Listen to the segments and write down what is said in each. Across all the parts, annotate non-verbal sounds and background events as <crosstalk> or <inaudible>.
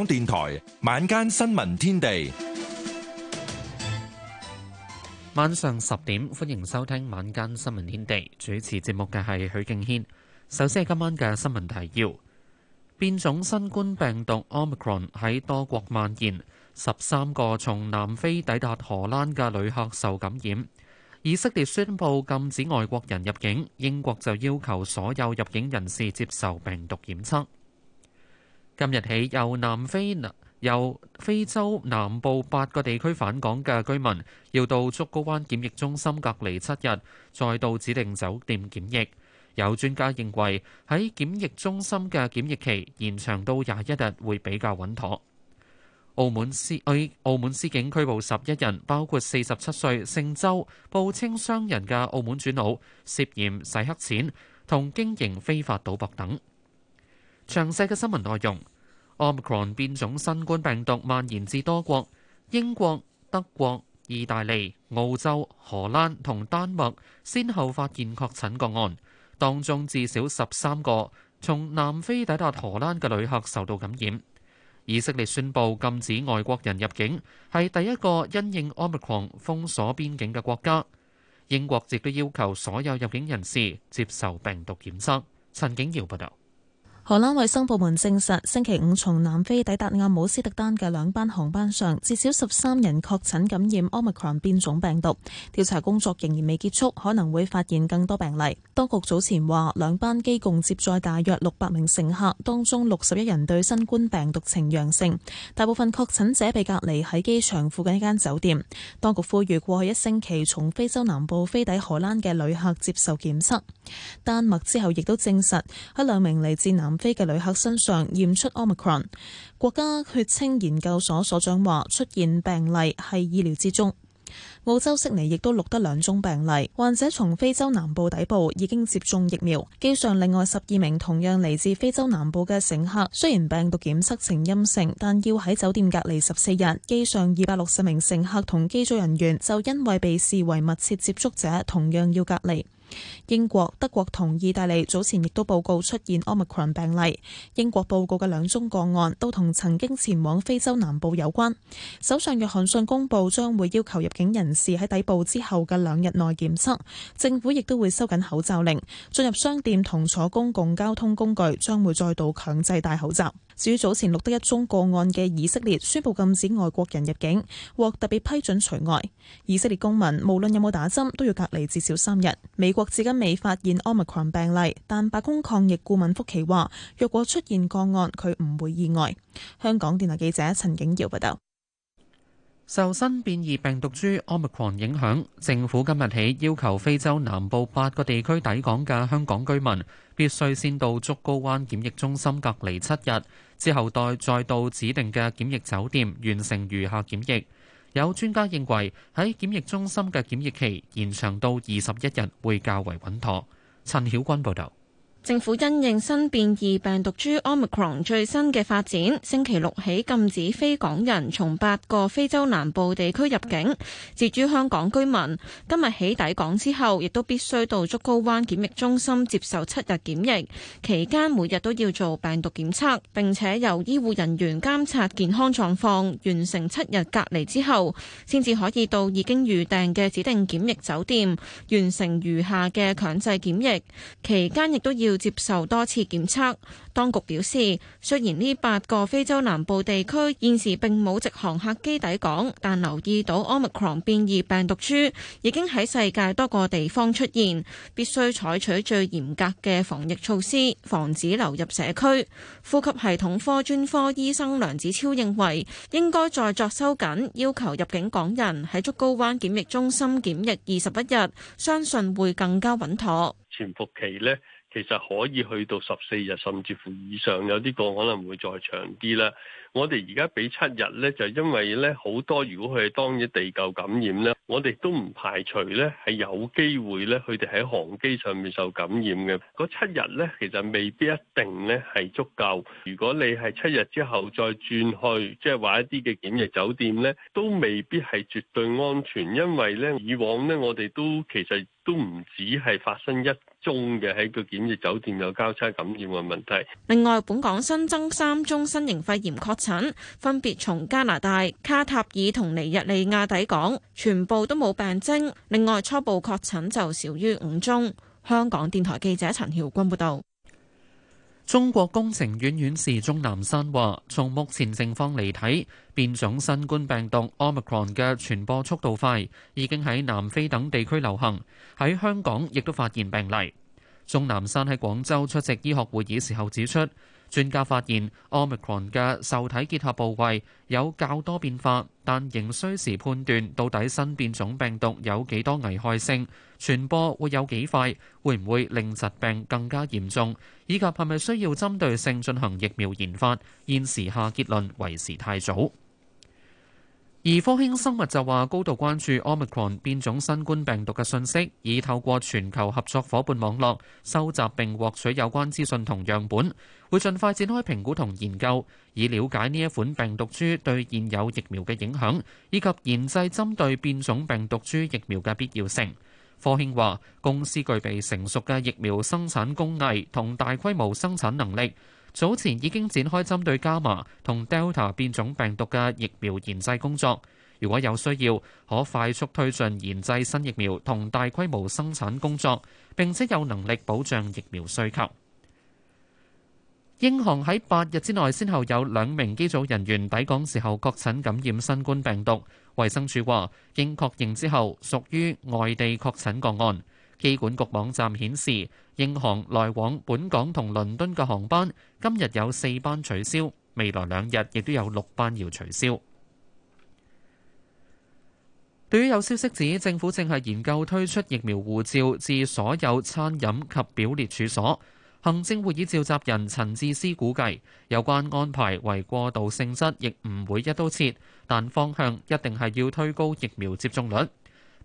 港電台晚間新聞天地，晚上十點歡迎收聽晚間新聞天地。主持節目嘅係許敬軒。首先係今晚嘅新聞提要：變種新冠病毒 Omicron 喺多國蔓延，十三個從南非抵達荷蘭嘅旅客受感染。以色列宣布禁止外國人入境，英國就要求所有入境人士接受病毒檢測。今日起，由南非由非洲南部八個地區返港嘅居民，要到竹篙灣檢疫中心隔離七日，再到指定酒店檢疫。有專家認為，喺檢疫中心嘅檢疫期延長到廿一日會比較穩妥。澳門司，澳門司警拘捕十一人，包括四十七歲姓周，報稱商人嘅澳門主腦，涉嫌洗黑錢同經營非法賭博等。詳細嘅新聞內容，Omicron 變種新冠病毒蔓延至多國，英國、德國、意大利、澳洲、荷蘭同丹麥先後發現確診個案，當中至少十三個從南非抵達荷蘭嘅旅客受到感染。以色列宣布禁止外國人入境，係第一個因應 Omicron 封鎖邊境嘅國家。英國亦都要求所有入境人士接受病毒檢測。陳景堯報道。荷蘭衛生部門證實，星期五從南非抵達阿姆斯特丹嘅兩班航班上，至少十三人確診感染 Omicron 變種病毒。調查工作仍然未結束，可能會發現更多病例。當局早前話，兩班機共接載大約六百名乘客，當中六十一人對新冠病毒呈陽性。大部分確診者被隔離喺機場附近一間酒店。當局呼籲過去一星期從非洲南部飛抵荷蘭嘅旅客接受檢測。丹麥之後亦都證實，喺兩名嚟自南非嘅旅客身上驗出 omicron，國家血清研究所所長話，出現病例係意料之中。澳洲悉尼亦都錄得兩宗病例，患者從非洲南部抵埗，已經接種疫苗。機上另外十二名同樣嚟自非洲南部嘅乘客，雖然病毒檢測呈陰性，但要喺酒店隔離十四日。機上二百六十名乘客同機組人員就因為被視為密切接觸者，同樣要隔離。英國、德國同意大利早前亦都報告出現 Omicron 病例。英國報告嘅兩宗個案都同曾經前往非洲南部有關。首相約翰遜公布將會要求入境人士喺抵埗之後嘅兩日內檢測。政府亦都會收緊口罩令，進入商店同坐公共交通工具將會再度強制戴口罩。至於早前錄得一宗個案嘅以色列，宣布禁止外國人入境，獲特別批准除外。以色列公民無論有冇打針，都要隔離至少三日。美國至今未發現 Omicron 病例，但白宮抗疫顧問福奇話：若果出現個案，佢唔會意外。香港電台記者陳景耀報道。受新變異病毒株 Omicron 影響，政府今日起要求非洲南部八個地區抵港嘅香港居民，必須先到竹篙灣檢疫中心隔離七日。之後，待再到指定嘅檢疫酒店完成餘下檢疫。有專家認為，喺檢疫中心嘅檢疫期延長到二十一日會較為穩妥。陳曉君報導。政府因應新變異病毒株 Omicron 最新嘅發展，星期六起禁止非港人從八個非洲南部地區入境，至於香港居民，今日起抵港之後，亦都必須到竹篙灣檢疫中心接受七日檢疫，期間每日都要做病毒檢測，並且由醫護人員監察健康狀況。完成七日隔離之後，先至可以到已經預訂嘅指定檢疫酒店完成餘下嘅強制檢疫，期間亦都要接受多次檢測，當局表示，雖然呢八個非洲南部地區現時並冇直航客機抵港，但留意到 omicron 變異病毒株已經喺世界多個地方出現，必須採取最嚴格嘅防疫措施，防止流入社區。呼吸系統科專科醫生梁子超認為應，應該再作收緊要求入境港人喺竹篙灣檢疫中心檢疫二十一日，相信會更加穩妥。潛伏期咧？其實可以去到十四日，甚至乎以上，有啲個可能會再長啲啦。我哋而家俾七日呢，就因為呢好多，如果佢係當日地夠感染呢，我哋都唔排除呢係有機會呢，佢哋喺航機上面受感染嘅。嗰七日呢，其實未必一定呢係足夠。如果你係七日之後再轉去，即係話一啲嘅檢疫酒店呢，都未必係絕對安全，因為呢以往呢，我哋都其實都唔止係發生一。中嘅喺個檢疫酒店有交叉感染嘅問題。另外，本港新增三宗新型肺炎確診，分別從加拿大、卡塔爾同尼日利亞抵港，全部都冇病徵。另外，初步確診就少於五宗。香港電台記者陳曉君報道。中國工程院院士鐘南山話，從目前情況嚟睇，變種新冠病毒 Omicron 嘅傳播速度快，已經喺南非等地區流行，喺香港亦都發現病例。鐘南山喺廣州出席醫學會議時候指出。專家發現，Omicron 嘅受體結合部位有較多變化，但仍需時判斷到底新變種病毒有幾多危害性、傳播會有幾快、會唔會令疾病更加嚴重，以及係咪需要針對性進行疫苗研發。現時下結論為時太早。而科興生物就話高度關注 Omicron 變種新冠病毒嘅信息，已透過全球合作伙伴網絡收集並獲取有關資訊同樣本，會盡快展開評估同研究，以了解呢一款病毒株對現有疫苗嘅影響，以及研製針對變種病毒株疫苗嘅必要性。科興話公司具備成熟嘅疫苗生產工藝同大規模生產能力。早前已經展開針對伽馬同 Delta 變種病毒嘅疫苗研製工作，如果有需要，可快速推進研製新疫苗同大規模生產工作，並且有能力保障疫苗需求。英航喺八日之內，先後有兩名機組人員抵港時候確診感染新冠病毒，衛生署話，經確認之後屬於外地確診個案。機管局網站顯示，英航來往本港同倫敦嘅航班今日有四班取消，未來兩日亦都有六班要取消。對於有消息指政府正係研究推出疫苗護照至所有餐飲及表列處所，行政會議召集人陳智思估計，有關安排為過渡性質，亦唔會一刀切，但方向一定係要推高疫苗接種率。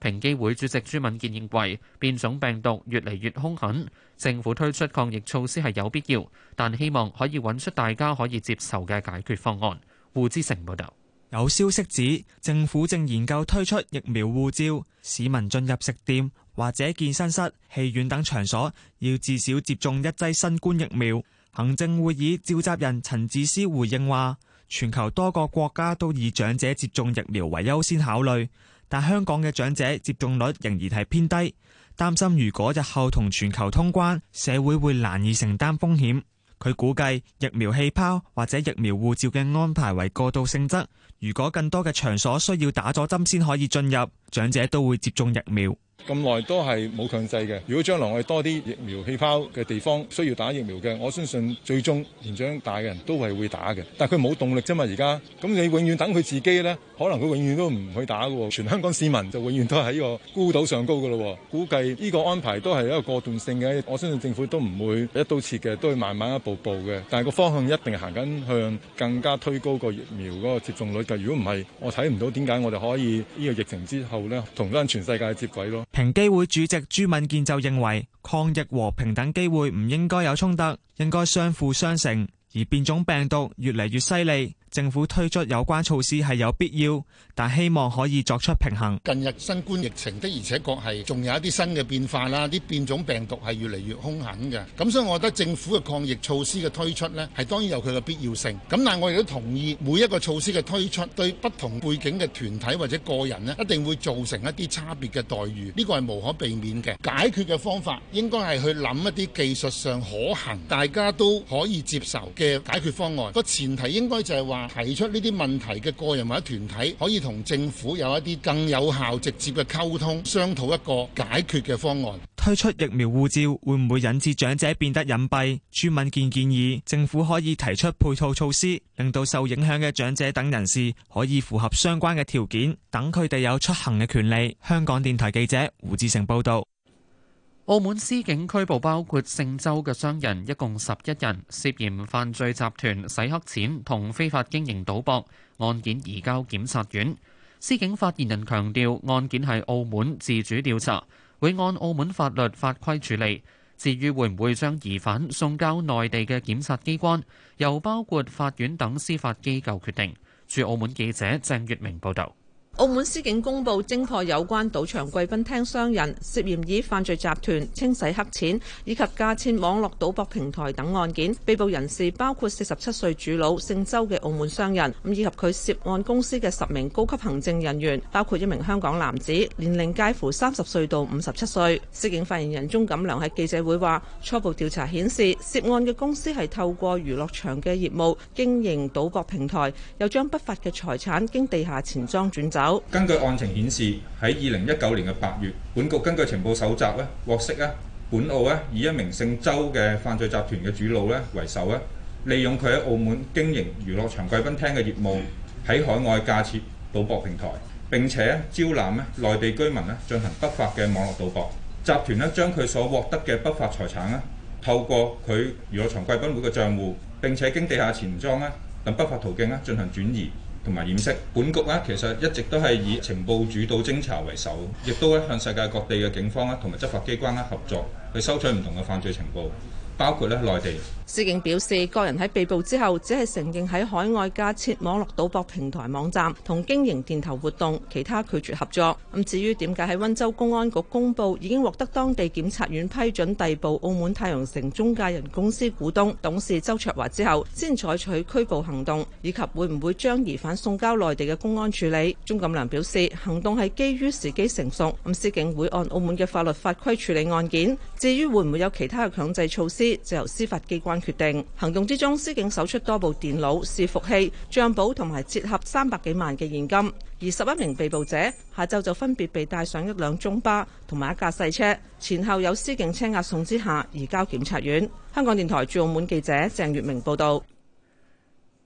平機會主席朱敏健認為，變種病毒越嚟越兇狠，政府推出抗疫措施係有必要，但希望可以揾出大家可以接受嘅解決方案。胡之成報導，有消息指政府正研究推出疫苗護照，市民進入食店或者健身室、戲院等場所，要至少接種一劑新冠疫苗。行政會議召集人陳智思回應話，全球多個國家都以長者接種疫苗為優先考慮。但香港嘅長者接種率仍然係偏低，擔心如果日後同全球通關，社會會難以承擔風險。佢估計疫苗氣泡或者疫苗護照嘅安排為過渡性質，如果更多嘅場所需要打咗針先可以進入，長者都會接種疫苗。咁耐都係冇強制嘅。如果將來我哋多啲疫苗氣泡嘅地方需要打疫苗嘅，我相信最終年長大嘅人都係會打嘅。但係佢冇動力啫嘛，而家咁你永遠等佢自己咧，可能佢永遠都唔會打嘅。全香港市民就永遠都喺個孤島上高嘅咯。估計呢個安排都係一個過渡性嘅。我相信政府都唔會一刀切嘅，都會慢慢一步步嘅。但係個方向一定係行緊向更加推高個疫苗個接種率嘅。如果唔係，我睇唔到點解我哋可以呢個疫情之後咧同得全世界接軌咯。平機會主席朱敏健就認為，抗疫和平等機會唔應該有衝突，應該相輔相成，而變種病毒越嚟越犀利。政府推出有關措施係有必要，但希望可以作出平衡。近日新冠疫情的而且確係仲有一啲新嘅變化啦，啲變種病毒係越嚟越兇狠嘅。咁所以，我覺得政府嘅抗疫措施嘅推出呢，係當然有佢嘅必要性。咁但係我亦都同意，每一個措施嘅推出對不同背景嘅團體或者個人呢，一定會造成一啲差別嘅待遇。呢個係無可避免嘅。解決嘅方法應該係去諗一啲技術上可行、大家都可以接受嘅解決方案。個前提應該就係話，提出呢啲問題嘅個人或者團體，可以同政府有一啲更有效、直接嘅溝通，商討一個解決嘅方案。推出疫苗護照會唔會引致長者變得隱蔽？朱敏健建議政府可以提出配套措施，令到受影響嘅長者等人士可以符合相關嘅條件，等佢哋有出行嘅權利。香港電台記者胡志成報導。澳門司警拘捕包括姓周嘅商人，一共十一人，涉嫌犯罪集團洗黑錢同非法經營賭博案件移交檢察院。司警發言人強調，案件係澳門自主調查，會按澳門法律法規處理。至於會唔會將疑犯送交內地嘅檢察機關，由包括法院等司法機構決定。駐澳門記者鄭月明報道。澳門司警公布偵破有關賭場貴賓廳商人涉嫌以犯罪集團清洗黑錢，以及架設網絡賭博平台等案件，被捕人士包括四十七歲主腦姓周嘅澳門商人，咁以及佢涉案公司嘅十名高級行政人員，包括一名香港男子，年齡介乎三十歲到五十七歲。司警發言人鍾錦良喺記者會話：初步調查顯示，涉案嘅公司係透過娛樂場嘅業務經營賭博平台，又將不法嘅財產經地下錢莊轉走。根據案情顯示，喺二零一九年嘅八月，本局根據情報搜集咧，獲悉咧，本澳咧以一名姓周嘅犯罪集團嘅主腦咧為首咧，利用佢喺澳門經營娛樂場貴賓廳嘅業務，喺海外架設賭博平台，並且招攬咧內地居民咧進行不法嘅網絡賭博。集團咧將佢所獲得嘅不法財產咧，透過佢娛樂場貴賓會嘅帳戶，並且經地下錢莊咧等不法途徑咧進行轉移。同埋掩飾，本局呢其實一直都係以情報主導偵查為首，亦都向世界各地嘅警方咧同埋執法機關合作，去收取唔同嘅犯罪情報，包括呢內地。司警表示，個人喺被捕之後，只係承認喺海外架設網絡賭,賭博平台網站同經營電頭活動，其他拒絕合作。咁至於點解喺温州公安局公佈已經獲得當地檢察院批准逮捕澳門太陽城中介人公司股東董事周卓華之後，先採取拘捕行動，以及會唔會將疑犯送交內地嘅公安處理？鍾錦良表示，行動係基於時機成熟。咁司警會按澳門嘅法律法規處理案件。至於會唔會有其他嘅強制措施，就由司法機關。決定行動之中，司警搜出多部電腦、伺服器、賬簿同埋折合三百幾萬嘅現金，而十一名被捕者下晝就分別被帶上一輛中巴同埋一架細車，前後有司警車押送之下移交檢察院。香港電台駐澳門記者鄭月明報道。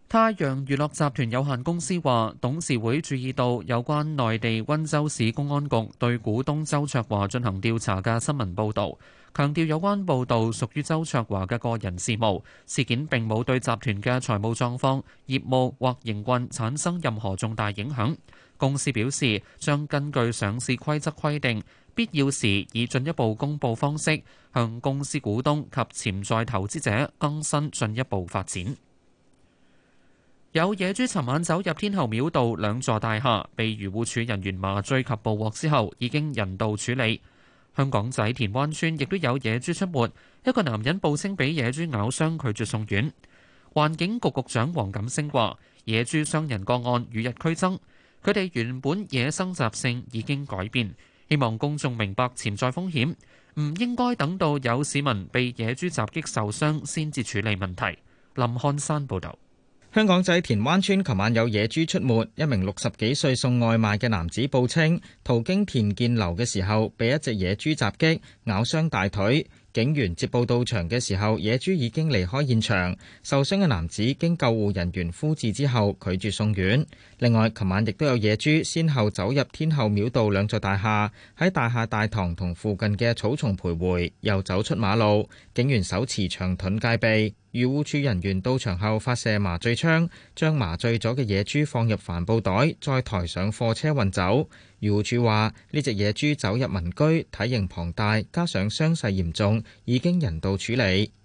太陽娛樂集團有限公司話，董事會注意到有關內地溫州市公安局對股東周卓華進行調查嘅新聞報道，強調有關報道屬於周卓華嘅個人事務，事件並冇對集團嘅財務狀況、業務或營運產生任何重大影響。公司表示，將根據上市規則規定，必要時以進一步公佈方式向公司股東及潛在投資者更新進一步發展。有野豬尋晚走入天后廟道兩座大廈，被漁護署人員麻醉及捕獲之後，已經人道處理。香港仔田灣村亦都有野豬出沒，一個男人報稱畀野豬咬傷，拒絕送院。環境局局長黃錦星話：野豬傷人個案與日俱增，佢哋原本野生習性已經改變，希望公眾明白潛在風險，唔應該等到有市民被野豬襲擊受傷先至處理問題。林漢山報導。香港仔田灣村琴晚有野豬出沒，一名六十幾歲送外賣嘅男子報稱途經田建樓嘅時候，被一隻野豬襲擊咬傷大腿。警員接報到場嘅時候，野豬已經離開現場，受傷嘅男子經救護人員敷治之後拒絕送院。另外，琴晚亦都有野豬先後走入天后廟道兩座大廈，喺大廈大堂同附近嘅草叢徘徊，又走出馬路。警員手持長盾戒備。漁護署人員到場後，發射麻醉槍，將麻醉咗嘅野豬放入帆布袋，再抬上貨車運走。漁護署話，呢隻野豬走入民居，體型龐大，加上傷勢嚴重，已經人道處理。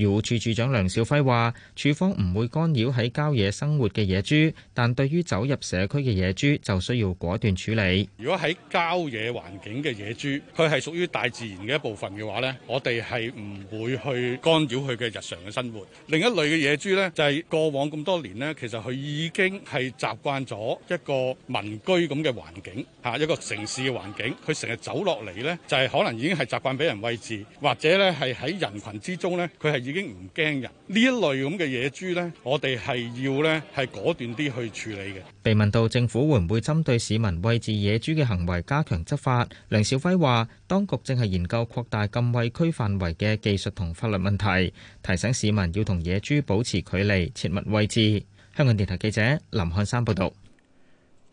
漁護署署長梁肇輝話，署方唔會干擾喺郊野生活嘅野豬，但對於走入社區嘅野豬，就需要果斷處理。如果喺郊野環境嘅野豬，佢係屬於大自然嘅一部分嘅話咧，我哋係唔會去干擾佢嘅日常嘅生活。另一類嘅野豬咧，就係、是、過往咁多年咧，其實佢已經係習慣咗一個民居咁嘅環境，吓一個城市嘅環境，佢成日走落嚟咧，就係、是、可能已經係習慣俾人餵飼，或者咧係喺人群之中咧，佢係。已經唔驚人，呢一類咁嘅野豬咧，我哋係要咧係果斷啲去處理嘅。被問到政府會唔會針對市民喂飼野豬嘅行為加強執法，梁少輝話當局正係研究擴大禁喂區範圍嘅技術同法律問題，提醒市民要同野豬保持距離，切勿喂飼。香港電台記者林漢山報道。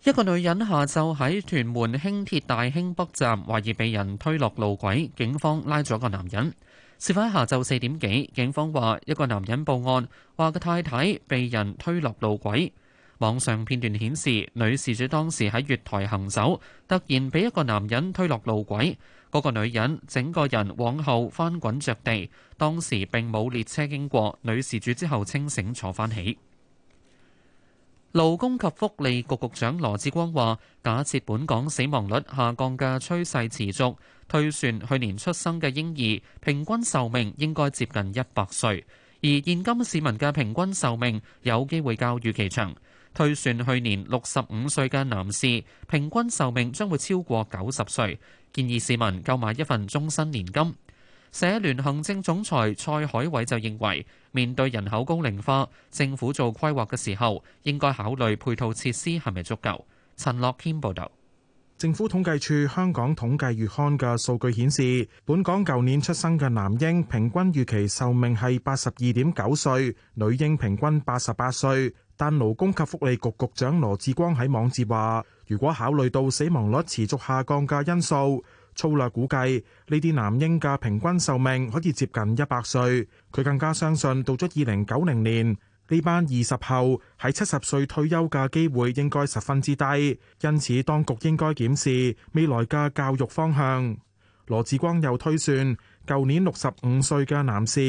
一個女人下晝喺屯門輕鐵大興北站懷疑被人推落路軌，警方拉咗個男人。事發喺下晝四點幾，警方話一個男人報案，話個太太被人推落路軌。網上片段顯示，女事主當時喺月台行走，突然畀一個男人推落路軌，嗰個女人整個人往後翻滾着地。當時並冇列車經過，女事主之後清醒坐翻起。勞工及福利局局長羅志光話，假設本港死亡率下降嘅趨勢持續，推算去年出生嘅嬰兒平均壽命應該接近一百歲，而現今市民嘅平均壽命有機會較預期長。推算去年六十五歲嘅男士平均壽命將會超過九十歲，建議市民購買一份終身年金。社聯行政總裁蔡海偉就認為，面對人口高齡化，政府做規劃嘅時候應該考慮配套設施係咪足夠。陳樂謙報道。政府統計處《香港統計月刊》嘅數據顯示，本港舊年出生嘅男嬰平均預期壽命係八十二點九歲，女嬰平均八十八歲。但勞工及福利局局，局長羅致光喺網誌話，如果考慮到死亡率持續下降嘅因素。粗略估計，呢啲男嬰嘅平均壽命可以接近一百歲。佢更加相信，到咗二零九零年，呢班二十後喺七十歲退休嘅機會應該十分之低。因此，當局應該檢視未來嘅教育方向。羅志光又推算。舊年六十五歲嘅男士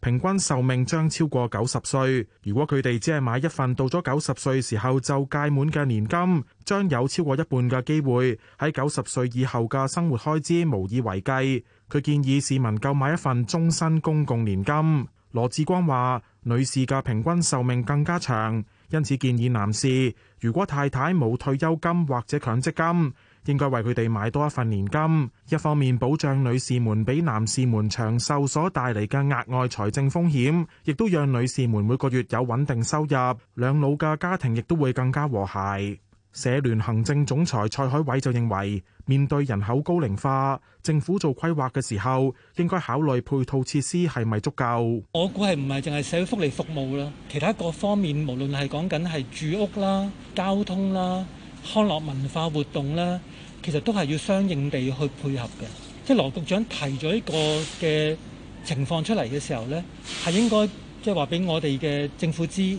平均壽命將超過九十歲，如果佢哋只係買一份到咗九十歲時候就屆滿嘅年金，將有超過一半嘅機會喺九十歲以後嘅生活開支無以為繼。佢建議市民購買一份終身公共年金。羅志光話：女士嘅平均壽命更加長，因此建議男士如果太太冇退休金或者強積金應該為佢哋買多一份年金，一方面保障女士們比男士們長壽所帶嚟嘅額外財政風險，亦都讓女士們每個月有穩定收入，兩老嘅家庭亦都會更加和諧。社聯行政總裁蔡海偉就認為，面對人口高齡化，政府做規劃嘅時候，應該考慮配套設施係咪足夠。我估係唔係淨係社會福利服務啦，其他各方面無論係講緊係住屋啦、交通啦、康樂文化活動啦。其實都係要相應地去配合嘅，即係羅局長提咗呢個嘅情況出嚟嘅時候呢，係應該即係話俾我哋嘅政府知，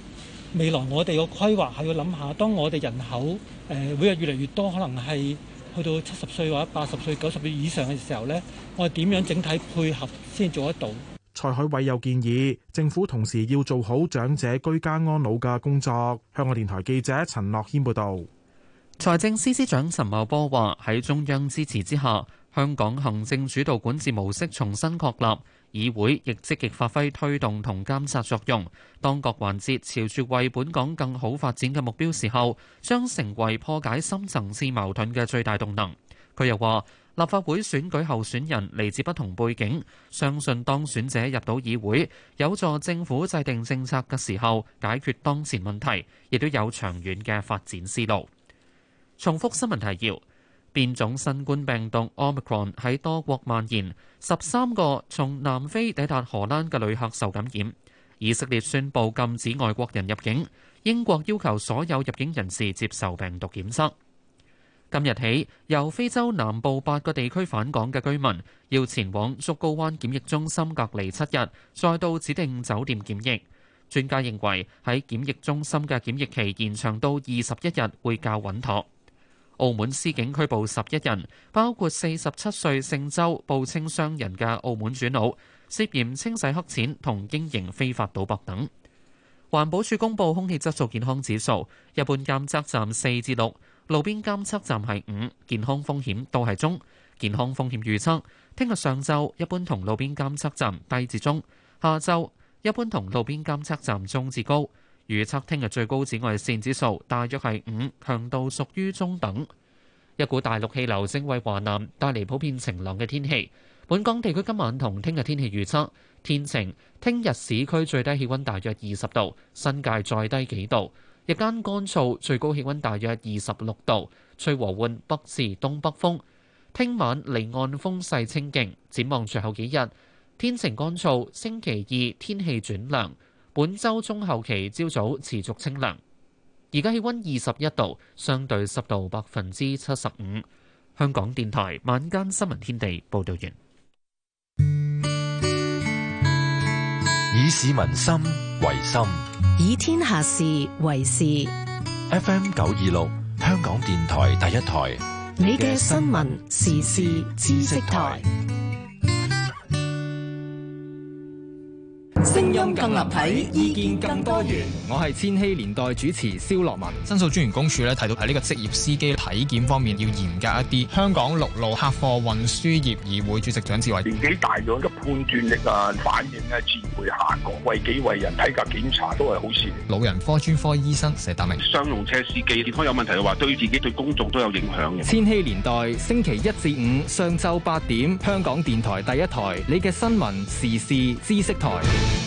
未來我哋個規劃係要諗下，當我哋人口每日、呃、越嚟越多，可能係去到七十歲或者八十歲、九十歲以上嘅時候呢，我哋點樣整體配合先做得到？蔡海偉又建議政府同時要做好長者居家安老嘅工作。香港電台記者陳樂軒報導。財政司司長陳茂波話：喺中央支持之下，香港行政主導管治模式重新確立，議會亦積極發揮推動同監察作用。當各環節朝住為本港更好發展嘅目標時候，將成為破解深層次矛盾嘅最大動能。佢又話：立法會選舉候選人嚟自不同背景，相信當選者入到議會，有助政府制定政策嘅時候解決當前問題，亦都有長遠嘅發展思路。重複新聞提要：變種新冠病毒 Omicron 喺多國蔓延，十三個從南非抵達荷蘭嘅旅客受感染。以色列宣布禁止外國人入境，英國要求所有入境人士接受病毒檢測。今日起，由非洲南部八個地區返港嘅居民要前往竹篙灣檢疫中心隔離七日，再到指定酒店檢疫。專家認為，喺檢疫中心嘅檢疫期延長到二十一日會較穩妥。澳門司警拘捕十一人，包括四十七歲姓周、報稱商人嘅澳門主腦，涉嫌清洗黑錢同經營非法賭博等。環保署公布空氣質素健康指數，一般監測站四至六，路邊監測站係五，健康風險都係中。健康風險預測：聽日上晝一般同路邊監測站低至中，下晝一般同路邊監測站中至高。預測聽日最高紫外線指數大約係五，強度屬於中等。一股大陸氣流正為華南帶嚟普遍晴朗嘅天氣。本港地區今晚同聽日天氣預測：天晴，聽日市區最低氣溫大約二十度，新界再低幾度。日間乾燥，最高氣溫大約二十六度，吹和緩北至東北風。聽晚離岸風勢清勁，展望隨後幾日天晴乾燥，星期二天氣轉涼。本周中後期朝早持續清涼，而家氣溫二十一度，相對濕度百分之七十五。香港電台晚間新聞天地報道完。以市民心為心，以天下事為事。FM 九二六，香港電台第一台，你嘅新聞時事知識台。聲音更立體，意見更多元。我係千禧年代主持蕭樂文。申訴專員公署咧，提到喺呢個職業司機體檢方面要嚴格一啲。香港陸路客貨運輸業議會主席蔣志偉：年紀大咗，嘅判斷力啊、反應啊自然會下降。為己為人，體格檢查都係好事。老人科專科醫生石達明：商用車司機如果有問題嘅話，對自己對公眾都有影響嘅。千禧年代星期一至五上晝八點，香港電台第一台，你嘅新聞時事知識台。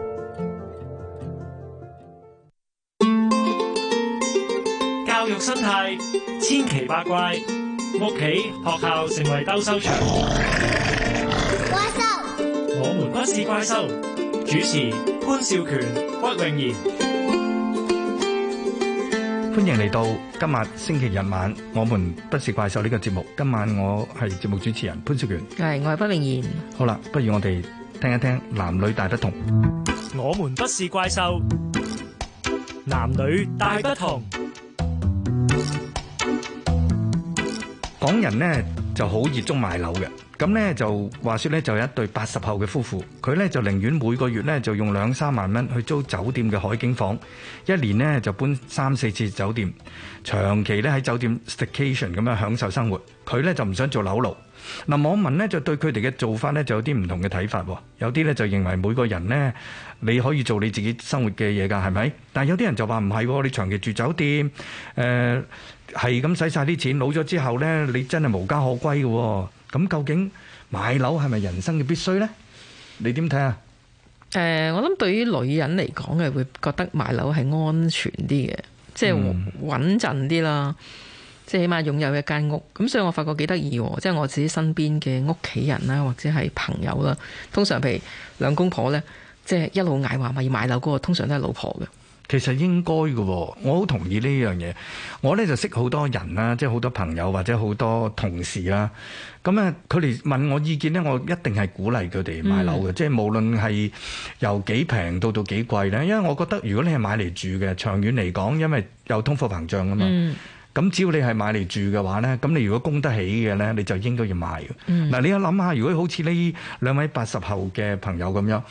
心態千奇百怪，屋企學校成為鬥獸場。怪獸，我們不是怪獸。主持潘少權、屈穎妍，歡迎嚟到今日星期日晚，我們不是怪獸呢個節目。今晚我係節目主持人潘少權，係我係屈穎妍。好啦，不如我哋聽一聽男女大不同。我們不是怪獸，男女大不同。港人呢就好熱衷賣樓嘅。咁呢就話説呢就有一對八十後嘅夫婦，佢呢就寧願每個月呢就用兩三萬蚊去租酒店嘅海景房，一年呢就搬三四次酒店，長期呢喺酒店 staycation 咁樣享受生活。佢呢就唔想做樓奴。嗱，網民呢就對佢哋嘅做法呢就有啲唔同嘅睇法。有啲呢就認為每個人呢你可以做你自己生活嘅嘢㗎，係咪？但有啲人就話唔係喎，你長期住酒店，誒，係咁使晒啲錢，老咗之後呢，你真係無家可歸嘅。咁究竟買樓係咪人生嘅必須呢？你點睇啊？誒、呃，我諗對於女人嚟講係會覺得買樓係安全啲嘅，即係穩陣啲啦。即係、嗯、起碼擁有一間屋。咁所以我發覺幾得意喎。即係我自己身邊嘅屋企人啦，或者係朋友啦，通常譬如兩公婆呢，即係一路嗌話要買樓嗰個，通常都係老婆嘅。其實應該嘅，我好同意呢樣嘢。我呢就識好多人啦，即係好多朋友或者好多同事啦。咁啊，佢哋問我意見呢，我一定係鼓勵佢哋買樓嘅。嗯、即係無論係由幾平到到幾貴呢，因為我覺得如果你係買嚟住嘅，長遠嚟講，因為有通貨膨脹啊嘛。嗯咁只要你係買嚟住嘅話呢，咁你如果供得起嘅呢，你就應該要買。嗱、嗯，你又諗下，如果好似呢兩位八十後嘅朋友咁樣，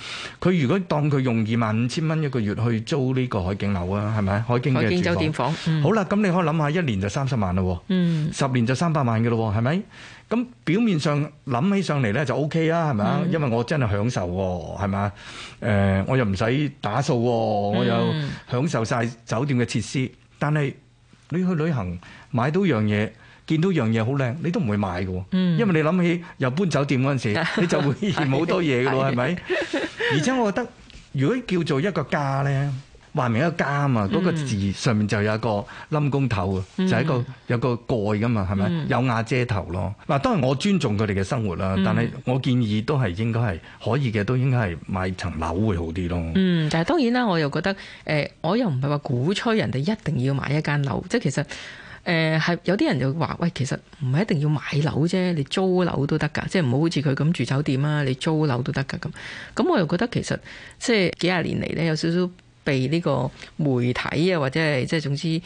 佢如果當佢用二萬五千蚊一個月去租呢個海景樓啊，係咪海景嘅酒店房？嗯、好啦，咁你可以諗下，一年就三十萬啦，十、嗯、年就三百萬嘅咯，係咪？咁表面上諗起上嚟呢，就 O K 啊，係咪啊？因為我真係享受喎，係咪啊？誒、呃，我又唔使打掃，我又享受晒酒店嘅設施，但係。你去旅行買到樣嘢，見到樣嘢好靚，你都唔會買㗎喎，嗯、因為你諗起又搬酒店嗰陣時，你就會嫌好多嘢㗎咯，係咪？ <laughs> <laughs> 而且我覺得，如果叫做一個家咧。話明一個家啊嘛，嗰、嗯、個字上面就有一個冧公頭嘅，嗯、就係一個有一個蓋噶嘛，係咪有瓦遮頭咯？嗱，當然我尊重佢哋嘅生活啦，嗯、但係我建議都係應該係可以嘅，都應該係買層樓會好啲咯。嗯，但係當然啦，我又覺得誒、呃，我又唔係話鼓吹人哋一定要買一間樓，即係其實誒係、呃、有啲人又話喂，其實唔係一定要買樓啫，你租樓都得噶，即係唔好好似佢咁住酒店啊，你租樓都得噶咁。咁我又覺得其實即係幾廿年嚟咧，有少少有少少。被呢個媒體啊，或者係即係總之。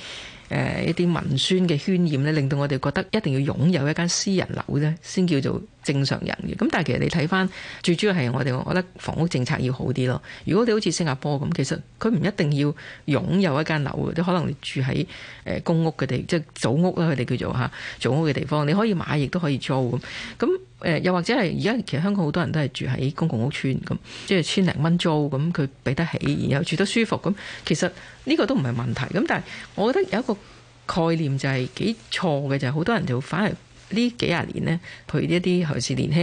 誒、呃、一啲文宣嘅渲染咧，令到我哋覺得一定要擁有一間私人樓咧，先叫做正常人嘅。咁但係其實你睇翻，最主要係我哋我覺得房屋政策要好啲咯。如果你好似新加坡咁，其實佢唔一定要擁有一間樓嘅，即可能你住喺誒公屋嘅地，即係組屋啦，佢哋叫做吓組屋嘅地方，你可以買亦都可以租咁。咁誒又或者係而家其實香港好多人都係住喺公共屋邨咁，即係千零蚊租咁，佢俾得起，然後住得舒服咁，其實。呢個都唔係問題，咁但係我覺得有一個概念就係幾錯嘅，就係、是、好多人就反而呢幾廿年咧，佢一啲尤其是年輕。